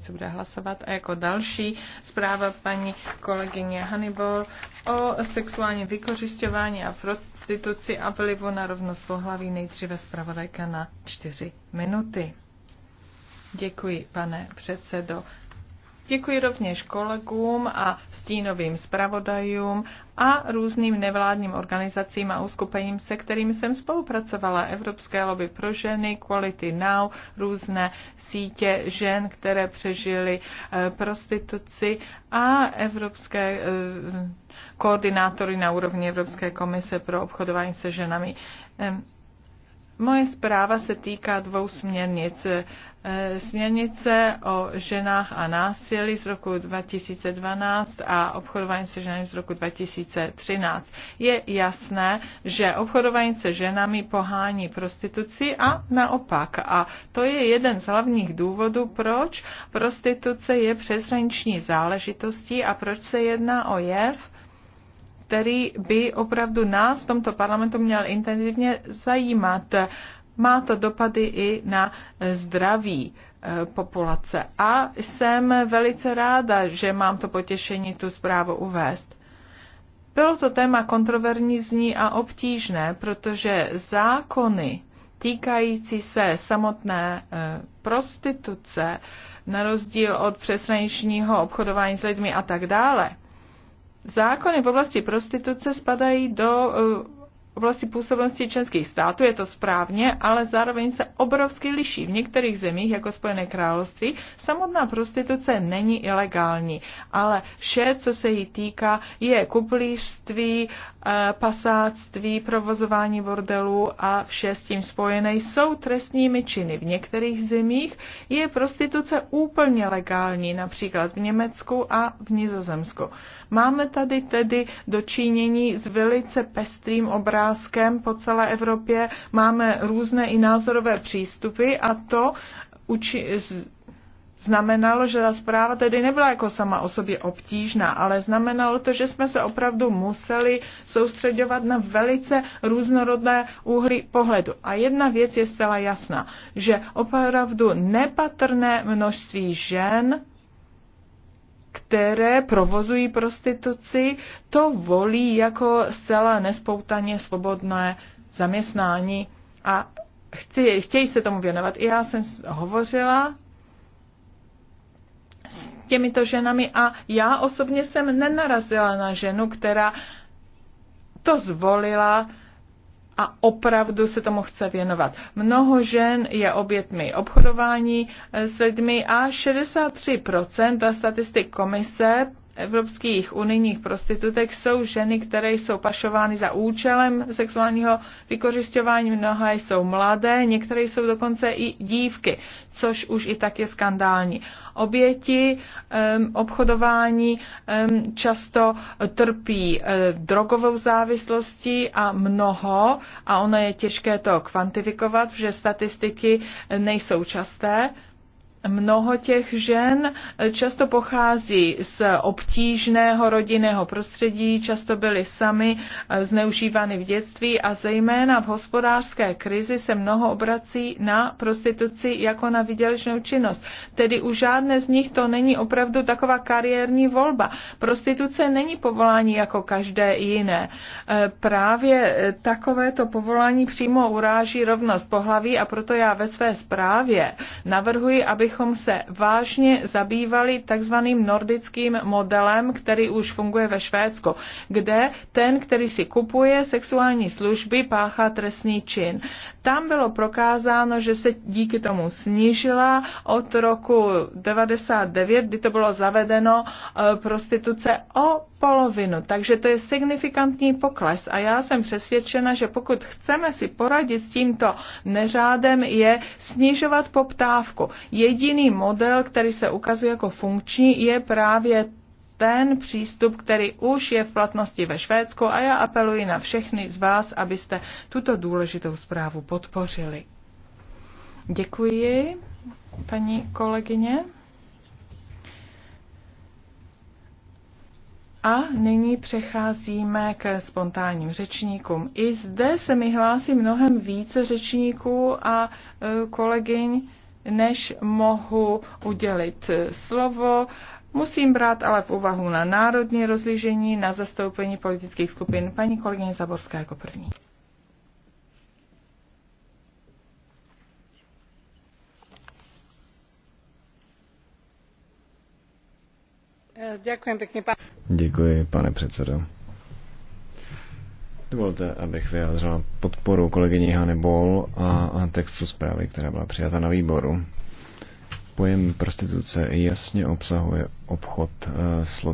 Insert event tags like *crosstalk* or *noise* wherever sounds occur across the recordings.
se bude hlasovat. A jako další zpráva paní kolegyně Hannibal o sexuálním vykořišťování a prostituci a vlivu na rovnost pohlaví nejdříve zpravodajka na čtyři minuty. Děkuji, pane předsedo. Děkuji rovněž kolegům a stínovým zpravodajům a různým nevládním organizacím a uskupením, se kterými jsem spolupracovala. Evropské lobby pro ženy, Quality Now, různé sítě žen, které přežily eh, prostituci a evropské eh, koordinátory na úrovni Evropské komise pro obchodování se ženami. Moje zpráva se týká dvou směrnic. E, směrnice o ženách a násilí z roku 2012 a obchodování se ženami z roku 2013. Je jasné, že obchodování se ženami pohání prostituci a naopak. A to je jeden z hlavních důvodů, proč prostituce je přeshraniční záležitostí a proč se jedná o jev, který by opravdu nás v tomto parlamentu měl intenzivně zajímat. Má to dopady i na zdraví eh, populace. A jsem velice ráda, že mám to potěšení tu zprávu uvést. Bylo to téma kontroverzní a obtížné, protože zákony týkající se samotné eh, prostituce, na rozdíl od přesraničního obchodování s lidmi a tak dále, Zákony v oblasti prostituce spadají do eh, oblasti působnosti členských států, je to správně, ale zároveň se obrovsky liší. V některých zemích, jako Spojené království, samotná prostituce není ilegální, ale vše, co se jí týká, je kuplířství, eh, pasáctví, provozování bordelů a vše s tím spojené jsou trestními činy. V některých zemích je prostituce úplně legální, například v Německu a v Nizozemsku. Máme tady tedy dočínění s velice pestrým obrázkem po celé Evropě, máme různé i názorové přístupy a to uči, znamenalo, že ta zpráva tedy nebyla jako sama o sobě obtížná, ale znamenalo to, že jsme se opravdu museli soustředovat na velice různorodné úhly pohledu. A jedna věc je zcela jasná, že opravdu nepatrné množství žen které provozují prostituci, to volí jako zcela nespoutaně svobodné zaměstnání a chci, chtějí se tomu věnovat. I já jsem hovořila s těmito ženami a já osobně jsem nenarazila na ženu, která to zvolila a opravdu se tomu chce věnovat. Mnoho žen je obětmi obchodování eh, s lidmi a 63% statistik komise evropských unijních prostitutek jsou ženy, které jsou pašovány za účelem sexuálního vykořišťování, mnohé jsou mladé, některé jsou dokonce i dívky, což už i tak je skandální. Oběti um, obchodování um, často trpí uh, drogovou závislostí a mnoho, a ono je těžké to kvantifikovat, protože statistiky nejsou časté, Mnoho těch žen často pochází z obtížného rodinného prostředí, často byly sami eh, zneužívány v dětství a zejména v hospodářské krizi se mnoho obrací na prostituci jako na vydělečnou činnost. Tedy u žádné z nich to není opravdu taková kariérní volba. Prostituce není povolání jako každé jiné. Eh, Právě eh, takovéto povolání přímo uráží rovnost pohlaví a proto já ve své zprávě navrhuji, aby abychom se vážně zabývali takzvaným nordickým modelem, který už funguje ve Švédsku, kde ten, který si kupuje sexuální služby, páchá trestný čin. Tam bylo prokázáno, že se díky tomu snížila od roku 99, kdy to bylo zavedeno eh, prostituce o polovinu. Takže to je signifikantní pokles a já jsem přesvědčena, že pokud chceme si poradit s tímto neřádem, je snižovat poptávku. Jediný model, který se ukazuje jako funkční, je právě ten přístup, který už je v platnosti ve Švédsku a já apeluji na všechny z vás, abyste tuto důležitou zprávu podpořili. Děkuji, paní kolegyně. A nyní přecházíme k spontánním řečníkům. I zde se mi hlásí mnohem více řečníků a e, kolegyň, než mohu udělit e, slovo. Musím brát ale v úvahu na národní rozlížení, na zastoupení politických skupin. Paní kolegyně Zaborská jako první. Děkuji pane. předsedo. Dovolte, abych vyjádřila podporu kolegyni Hany Bol a textu zprávy, která byla přijata na výboru. Pojem prostituce jasně obsahuje obchod eh, s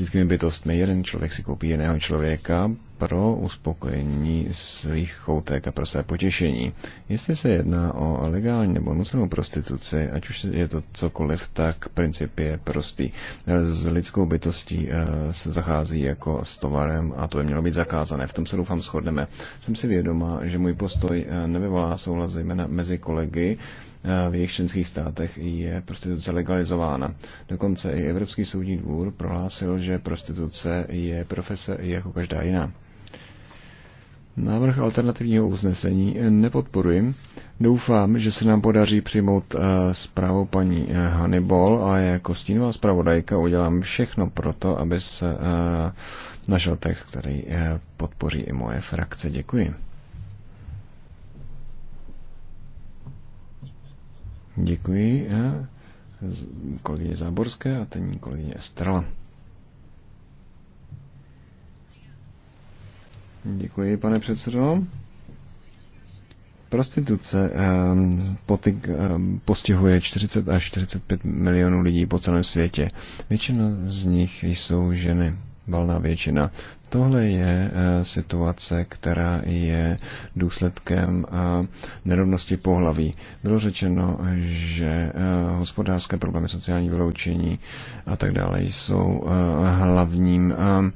lidskými bytostmi. Jeden člověk si koupí jiného člověka pro uspokojení svých choutek a pro své potěšení. Jestli se jedná o legální nebo nucenou prostituci, ať už je to cokoliv, tak princip je prostý. S lidskou bytostí eh, se zachází jako s tovarem a to by mělo být zakázané. V tom se doufám shodneme. Jsem si vědoma, že můj postoj eh, nevyvolá souhlas zejména mezi kolegy, eh, v jejich členských státech je prostituce legalizována. Dokonce i Evropský soudní dvůr prohlásil, že prostituce je profese jako každá jiná. Návrh alternativního uznesení nepodporuji. Doufám, že se nám podaří přijmout eh, zprávu paní eh, Hannibal a jako stínová zpravodajka udělám všechno pro to, aby se eh, našel text, který podpoří i moje frakce. Děkuji. Děkuji kolegyně Záborské a ten kolegyně Estrela. Děkuji, pane předsedo. Prostituce ehm, potyk, ehm, postihuje 40 až 45 milionů lidí po celém světě. Většina z nich jsou ženy, valná většina. Tohle je eh, situace, která je důsledkem eh, nerovnosti pohlaví. Bylo řečeno, že eh, hospodářské problémy, sociální vyloučení a tak dále jsou hlavním ehm,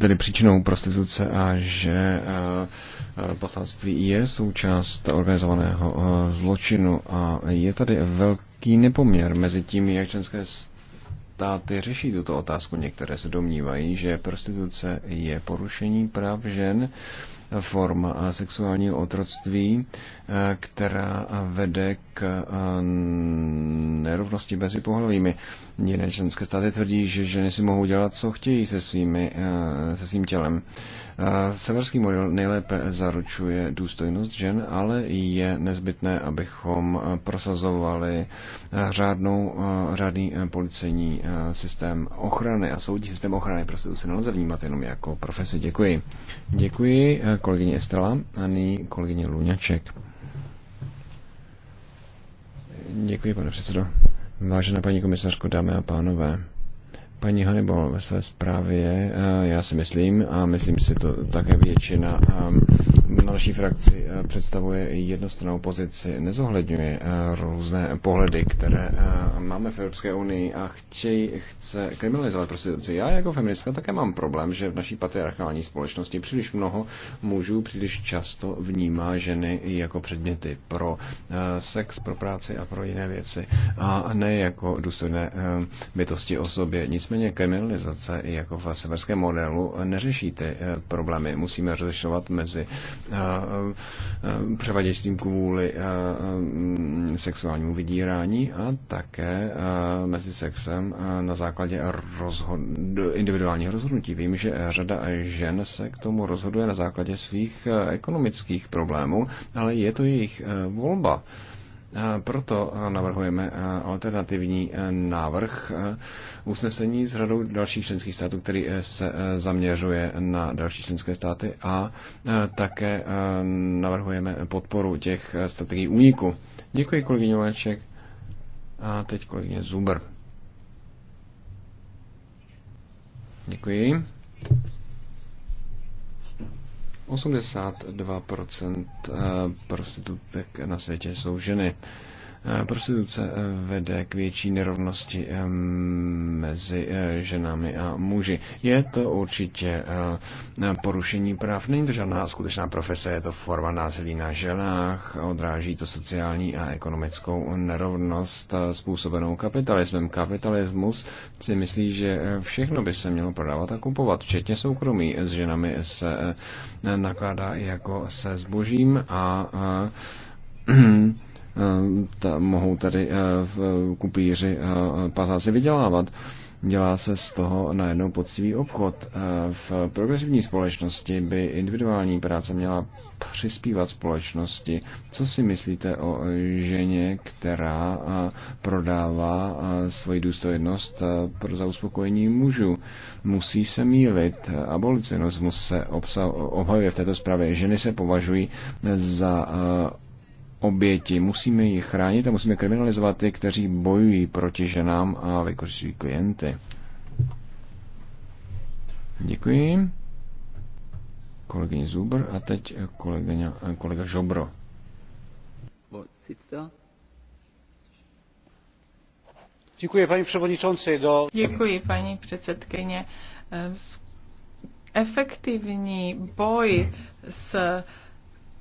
tedy příčinou prostituce a že eh, eh, posádství je součást organizovaného eh, zločinu a je tady velký nepoměr mezi tím, jak členské státy řeší tuto otázku. Některé se domnívají, že prostituce je porušení práv žen form sexuálního otroctví, eh, která vede k eh, nerovnosti mezi pohlavími. Jiné členské státy tvrdí, že ženy si mohou dělat, co chtějí se, svými, eh, se svým tělem. Severský model nejlépe zaručuje důstojnost žen, ale je nezbytné, abychom prosazovali řádnou, řádný policejní systém ochrany a soudní systém ochrany prostituce nelze vnímat jenom jako profesi. Děkuji. Děkuji kolegyně Estrela a nyní kolegyně Luňaček. Děkuji, pane předsedo. Vážená paní komisařko, dámy a pánové, paní Hannibal ve své zprávě, eh, já si myslím, a myslím si to také většina eh, na naší frakci eh, představuje jednostrannou pozici, nezohledňuje eh, různé pohledy, které eh, máme v Evropské unii a chtějí, chce kriminalizovat prostituci. Já jako feministka také mám problém, že v naší patriarchální společnosti příliš mnoho mužů příliš často vnímá ženy jako předměty pro sex, pro práci a pro jiné věci a ne jako důstojné bytosti o sobě. Nicméně kriminalizace jako v severském modelu neřeší ty problémy. Musíme rozlišovat mezi převaděčstvím kvůli sexuálnímu vydírání a také mezi sexem na základě rozhod- individuálních rozhodnutí. Vím, že řada žen se k tomu rozhoduje na základě svých ekonomických problémů, ale je to jejich volba. Proto navrhujeme alternativní e, návrh e, usnesení s radou dalších členských států, který e, se zaměřuje na další členské státy a také navrhujeme podporu těch strategií úniku. Děkuji kolegyně Léček a teď kolegyně Zuber. Děkuji. 82% eh, prostitutek na světě jsou ženy. Eh, prostituce eh, vede k větší nerovnosti eh, mezi ženami a muži. Je to určitě porušení práv. Není to žádná skutečná profese, je to forma násilí na ženách, odráží to sociální a ekonomickou nerovnost způsobenou kapitalismem. Kapitalismus si myslí, že všechno by se mělo prodávat a kupovat, včetně soukromí. S ženami se nakládá jako se zbožím a, a *clears throat* Eh, ta, mohou tady eh, eh, kupíři pasáci vydělávat. Dělá se z toho najednou poctivý obchod. V progresivní společnosti by individuální práce měla přispívat společnosti. Co si myslíte o ženě, která prodává svoji důstojnost pro zauspokojení mužů? Musí se mýlit. Abolicionismus se obsahuje v této zprávě. Ženy se považují za oběti. Musíme ji chránit a musíme kriminalizovat ty, kteří bojují proti ženám a vykořišťují klienty. Děkuji. Kolegyně Zubr a teď kolegyně, kolega Žobro. Děkuji, paní předsedající. Do... Děkuji, paní předsedkyně. Ehm, efektivní boj s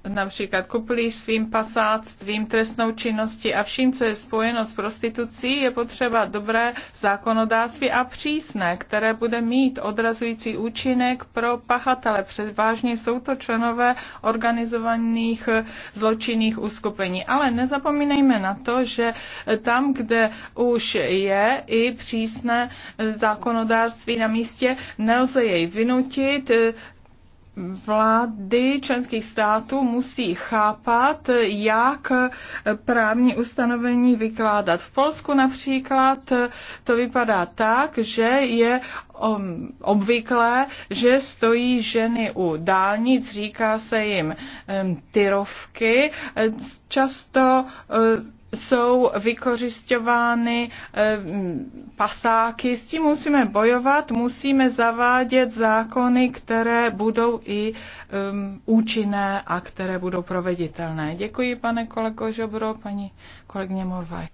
například kuplíš svým pasáctvím, trestnou činnosti a vším, co je spojeno s prostitucí, je potřeba dobré zákonodáctví a přísné, které bude mít odrazující účinek pro pachatele. Předvážně jsou to členové organizovaných zločinných uskupení. Ale nezapomínejme na to, že tam, kde už je i přísné zákonodárství na místě, nelze jej vynutit, vlády členských států musí chápat, jak právní ustanovení vykládat. V Polsku například to vypadá tak, že je obvyklé, že stojí ženy u dálnic, říká se jim tyrovky, často jsou vykořišťovány eh, pasáky. S tím musíme bojovat, musíme zavádět zákony, které budou i e, účinné a které budou proveditelné. Děkuji, pane kolego Žobro, paní kolegně Morvaj.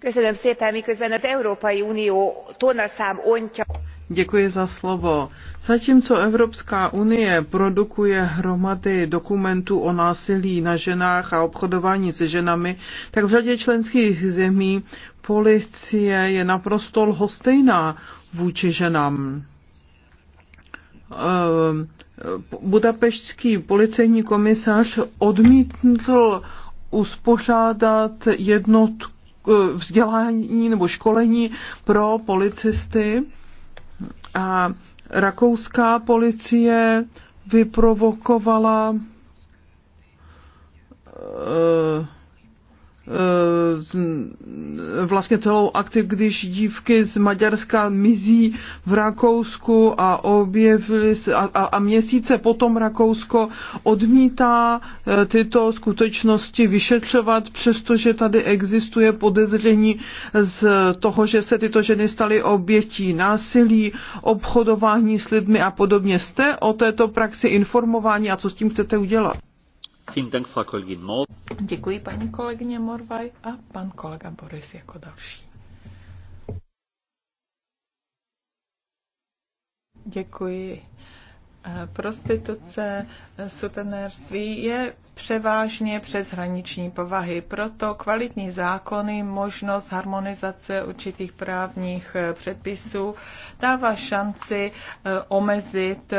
Köszönöm szépen, miközben az Európai Unió tonaszám ontja. Děkuji za slovo. Zatímco Evropská unie produkuje hromady dokumentů o násilí na ženách a obchodování se ženami, tak v řadě členských zemí policie je naprosto lhostejná vůči ženám. Ehm, budapeštský policejní komisař odmítl uspořádat jednotku eh, vzdělání nebo školení pro policisty a rakouská policie vyprovokovala uh, E, vlastně celou akci, když dívky z Maďarska mizí v Rakousku a objevily se, a, a, a měsíce potom Rakousko odmítá e, tyto skutečnosti vyšetřovat, přestože tady existuje podezření z toho, že se tyto ženy staly obětí násilí, obchodování s lidmi a podobně. Jste o této praxi informováni a co s tím chcete udělat? Děkuji paní kolegyně Morvaj a pan kolega Boris jako další. Děkuji. Eh, prostituce, eh, sutenérství je převážně přeshraniční povahy. Proto kvalitní zákony, možnost harmonizace určitých právních eh, předpisů dává šanci omezit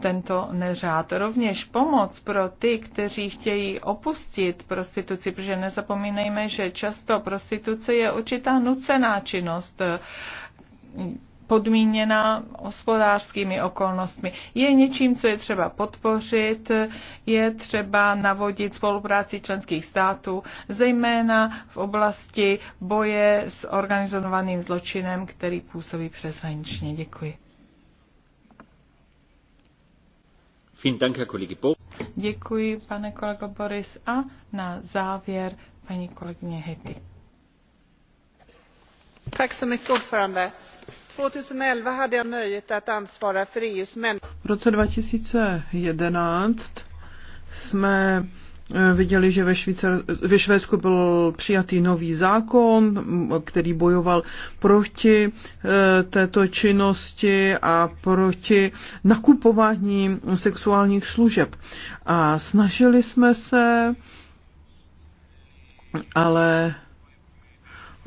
tento neřád. Rovněž pomoc pro ty, kteří chtějí opustit prostituci, protože nezapomínejme, že často prostituce je určitá nucená činnost podmíněna hospodářskými okolnostmi. Je něčím, co je třeba podpořit, je třeba navodit spolupráci členských států, zejména v oblasti boje s organizovaným zločinem, který působí přeshraničně. Děkuji. Děkuji, pane kolego Boris. A na závěr paní kolegyně Hety. Tak se mi to, E v roce 2011 jsme eh, viděli, že ve, Švýcar, ve Švédsku byl přijatý nový zákon, který bojoval proti eh, této činnosti a proti nakupování sexuálních služeb. A snažili jsme se, ale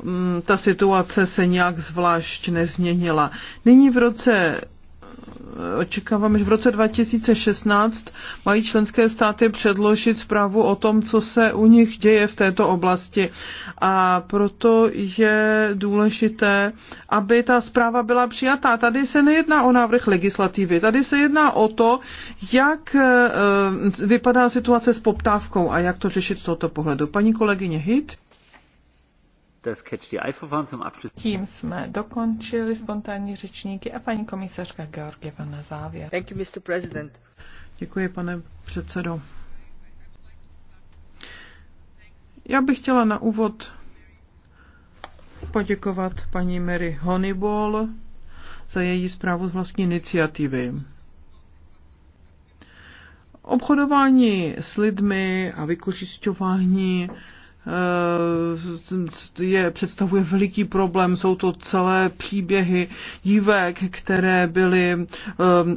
Mm, ta situace se nějak zvlášť nezměnila. Nyní v roce eh, očekávám, že v roce 2016 mají členské státy předložit zprávu o tom, co se u nich děje v této oblasti. A proto je důležité, aby ta zpráva byla přijatá. Tady se nejedná o návrh legislativy, tady se jedná o to, jak eh, vypadá situace s poptávkou a jak to řešit z tohoto pohledu. Paní kolegyně Hit? Tím jsme dokončili spontánní řečníky a paní komisařka Georgieva na závěr. Thank you, Mr. President. Děkuji, pane předsedo. Já bych chtěla na úvod poděkovat paní Mary Honeyball za její zprávu z vlastní iniciativy. Obchodování s lidmi a vykořišťování Eh, je, představuje veliký problém. Jsou to celé příběhy dívek, které byly eh,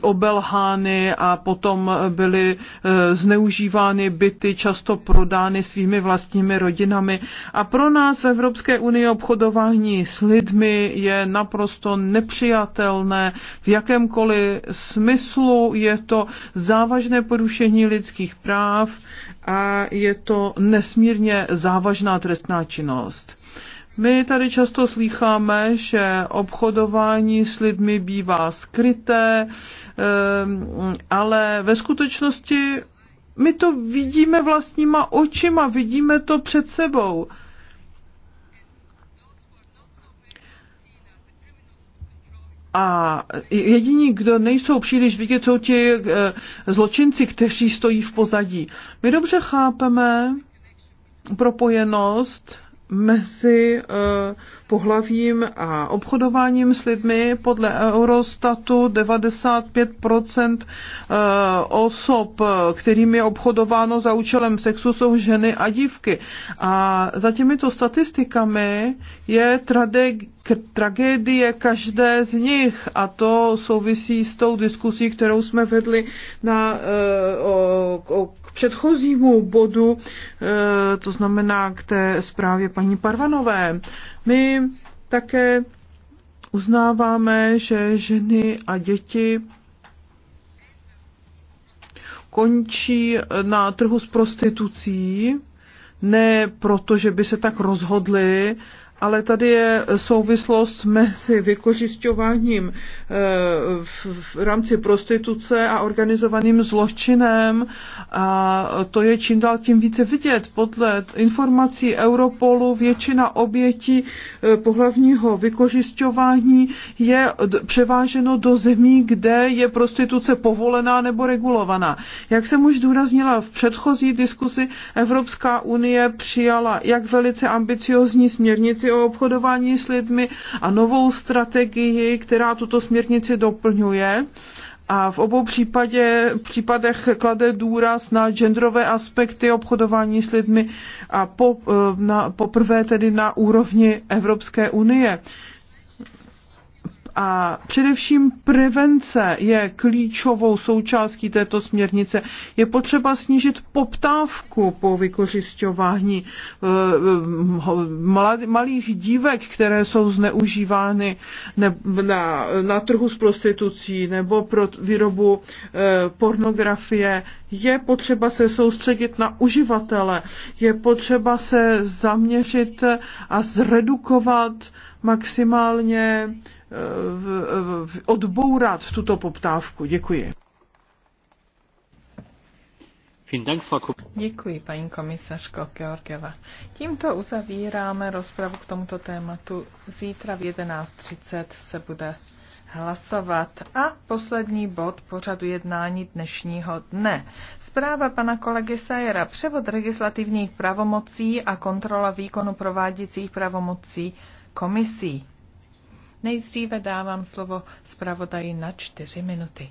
obelhány a potom byly eh, zneužívány byty, často prodány svými vlastními rodinami. A pro nás v Evropské unii obchodování s lidmi je naprosto nepřijatelné. V jakémkoliv smyslu je to závažné porušení lidských práv a je to nesmírně závažná trestná činnost. My tady často slýcháme, že obchodování s lidmi bývá skryté, eh, ale ve skutečnosti my to vidíme vlastníma očima, vidíme to před sebou. A jediní, kdo nejsou příliš vidět, jsou ti eh, zločinci, kteří stojí v pozadí. My dobře chápeme propojenost mezi eh, pohlavím a obchodováním s lidmi. Podle Eurostatu 95% eh, osob, kterým je obchodováno za účelem sexu, jsou ženy a dívky. A za těmito statistikami je tragédie tragédie každé z nich a to souvisí s tou diskusí, kterou jsme vedli na, eh, o, o, k předchozímu bodu, eh, to znamená k té zprávě paní Parvanové. My také uznáváme, že ženy a děti končí na trhu s prostitucí, ne proto, že by se tak rozhodli, ale tady je souvislost mezi vykořišťováním eh, v rámci prostituce a organizovaným zločinem a to je čím dál tím více vidět. Podle informací Europolu většina obětí eh, pohlavního vykořišťování je převáženo do zemí, kde je prostituce povolená nebo regulovaná. Jak jsem už důraznila v předchozí diskusi, Evropská unie přijala jak velice ambiciozní směrnici o obchodování s lidmi a novou strategii, která tuto směrnici doplňuje a v obou případě, případech klade důraz na genderové aspekty obchodování s lidmi a po, eh, na, poprvé tedy na úrovni Evropské unie. A především prevence je klíčovou součástí této směrnice. Je potřeba snížit poptávku po vykořišťování eh, eh, malých dívek, které jsou zneužívány na, na trhu s prostitucí nebo pro výrobu eh, pornografie. Je potřeba se soustředit na uživatele, je potřeba se zaměřit a zredukovat maximálně odbourat tuto poptávku. Děkuji. Děkuji, paní komisařko Georgieva. Tímto uzavíráme rozpravu k tomuto tématu. Zítra v 11.30 se bude hlasovat. A poslední bod pořadu jednání dnešního dne. Zpráva pana kolegy Sajera. Převod legislativních pravomocí a kontrola výkonu prováděcích pravomocí komisí. Nejdříve dávám slovo zpravodaji na čtyři minuty.